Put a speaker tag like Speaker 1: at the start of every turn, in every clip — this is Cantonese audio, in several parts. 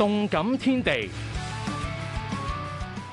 Speaker 1: 動感天地。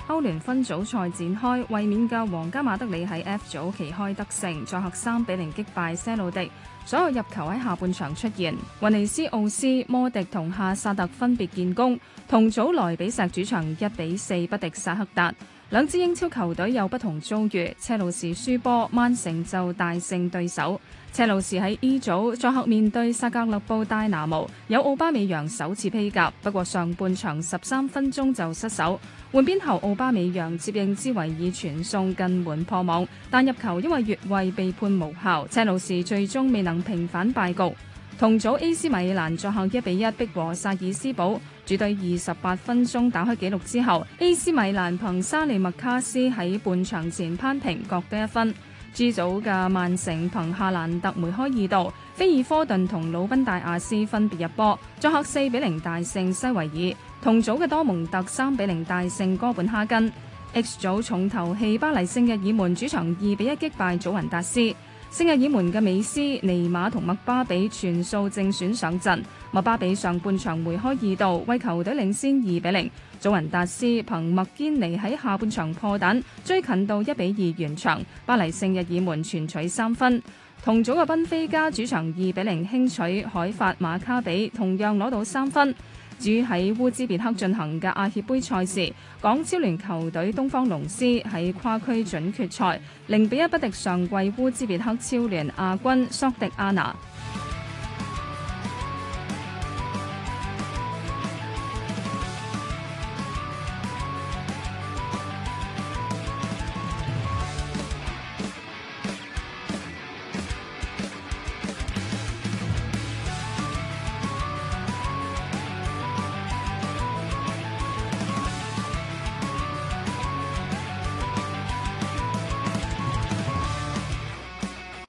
Speaker 1: 歐聯分組賽展開，衛冕嘅皇家馬德里喺 F 組旗開得勝，作客三比零擊敗些路迪，所有入球喺下半場出現。雲尼斯奧斯、摩迪同夏薩特分別建功。同組萊比錫主場一比四不敵薩克達。兩支英超球隊有不同遭遇，車路士輸波，曼城就大勝對手。車路士喺 E 組作客面對薩格勒布戴拿姆，有奧巴美揚首次披甲，不過上半場十三分鐘就失手。換邊後奧巴美揚接應之維爾傳送近門破網，但入球因為越位被判無效，車路士最終未能平反敗局。同組 A.C. 米蘭作客一比一逼和薩爾斯堡，主隊二十八分鐘打開紀錄之後，A.C. 米蘭憑沙利麥卡斯喺半場前扳平，各得一分。G 組嘅曼城憑夏蘭特梅開二度，菲爾科頓同魯賓大亞斯分別入波，作客四比零大勝西維爾。同組嘅多蒙特三比零大勝哥本哈根。H 組重頭戲巴黎聖日耳門，主場二比一擊敗祖雲達斯。聖日耳門嘅美斯、尼馬同麥巴比全數正選上陣，麥巴比上半場梅開二度，為球隊領先二比零。祖雲達斯憑麥堅尼喺下半場破蛋，追近到一比二完場，巴黎聖日耳門全取三分。同組嘅賓菲加主場二比零輕取海法馬卡比，同樣攞到三分。至於喺烏茲別克進行嘅亞協杯賽事，港超聯球隊東方龍獅喺跨區準決賽，零比一不敵上季烏茲別克超聯亞，亞軍索迪亞娜。